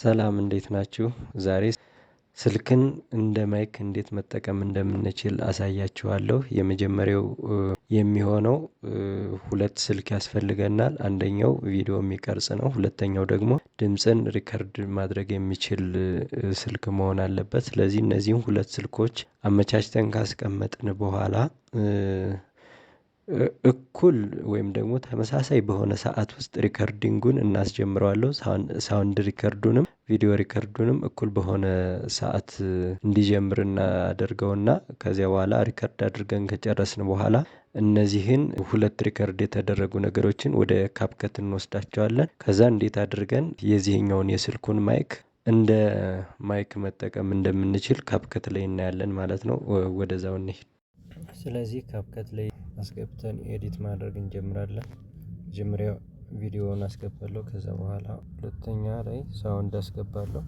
ሰላም እንዴት ናችሁ? ዛሬ ስልክን እንደ ማይክ እንዴት መጠቀም እንደምንችል አሳያችኋለሁ። የመጀመሪያው የሚሆነው ሁለት ስልክ ያስፈልገናል። አንደኛው ቪዲዮ የሚቀርጽ ነው። ሁለተኛው ደግሞ ድምፅን ሪከርድ ማድረግ የሚችል ስልክ መሆን አለበት። ስለዚህ እነዚህም ሁለት ስልኮች አመቻችተን ካስቀመጥን በኋላ እኩል ወይም ደግሞ ተመሳሳይ በሆነ ሰዓት ውስጥ ሪከርዲንጉን እናስጀምረዋለሁ ሳውንድ ሪከርዱንም ቪዲዮ ሪከርዱንም እኩል በሆነ ሰዓት እንዲጀምር እናደርገውና ከዚያ በኋላ ሪከርድ አድርገን ከጨረስን በኋላ እነዚህን ሁለት ሪከርድ የተደረጉ ነገሮችን ወደ ካፕከት እንወስዳቸዋለን። ከዛ እንዴት አድርገን የዚህኛውን የስልኩን ማይክ እንደ ማይክ መጠቀም እንደምንችል ካፕከት ላይ እናያለን ማለት ነው። ወደዛው እንሂድ። ስለዚህ ካፕከት ላይ አስገብተን ኤዲት ማድረግ እንጀምራለን። መጀመሪያ ቪዲዮውን አስገባለሁ ከዛ በኋላ ሁለተኛ ላይ ሳውንድ አስገባለሁ።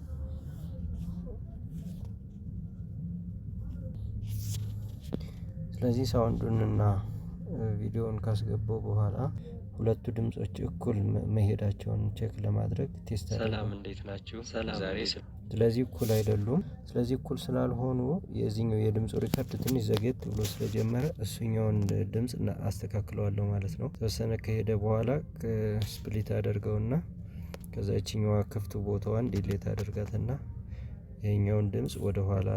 ስለዚህ ሳውንዱን እና ቪዲዮውን ካስገባው በኋላ ሁለቱ ድምጾች እኩል መሄዳቸውን ቼክ ለማድረግ ቴስት ሰላም፣ እንዴት ናችሁ? ሰላም። ስለዚህ እኩል አይደሉም። ስለዚህ እኩል ስላልሆኑ የዚህኛው የድምጽ ሪከርድ ትንሽ ዘጌት ብሎ ስለጀመረ እሱኛውን ድምፅ አስተካክለዋለሁ ማለት ነው። ተወሰነ ከሄደ በኋላ ስፕሊት አደርገውና ከዛ ይችኛዋ ክፍቱ ቦታዋን ዲሌት አደርጋትና ይሄኛውን ድምጽ ወደኋላ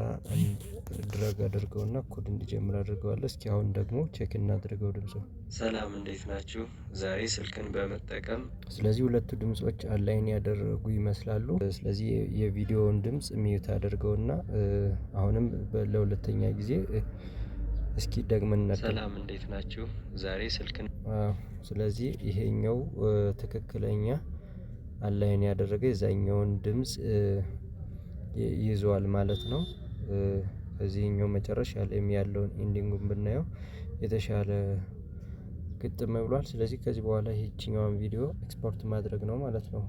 ድረግ አድርገውና ኮድ እንዲጀምር አድርገዋለ። እስኪ አሁን ደግሞ ቼክ እናድርገው ድምፁን። ሰላም እንዴት ናችሁ? ዛሬ ስልክን በመጠቀም ስለዚህ ሁለቱ ድምጾች አላይን ያደረጉ ይመስላሉ። ስለዚህ የቪዲዮውን ድምጽ ሚዩት አድርገውና አሁንም ለሁለተኛ ጊዜ እስኪ ደግመን ሰላም እንዴት ናችሁ? ዛሬ ስልክን ስለዚህ ይሄኛው ትክክለኛ አላይን ያደረገ የዛኛውን ድምጽ ይዘዋል ማለት ነው። እዚህኛው መጨረሻ ላይም ያለውን ኢንዲንጉን ብናየው የተሻለ ግጥም ብሏል ስለዚህ ከዚህ በኋላ ይቺኛዋን ቪዲዮ ኤክስፖርት ማድረግ ነው ማለት ነው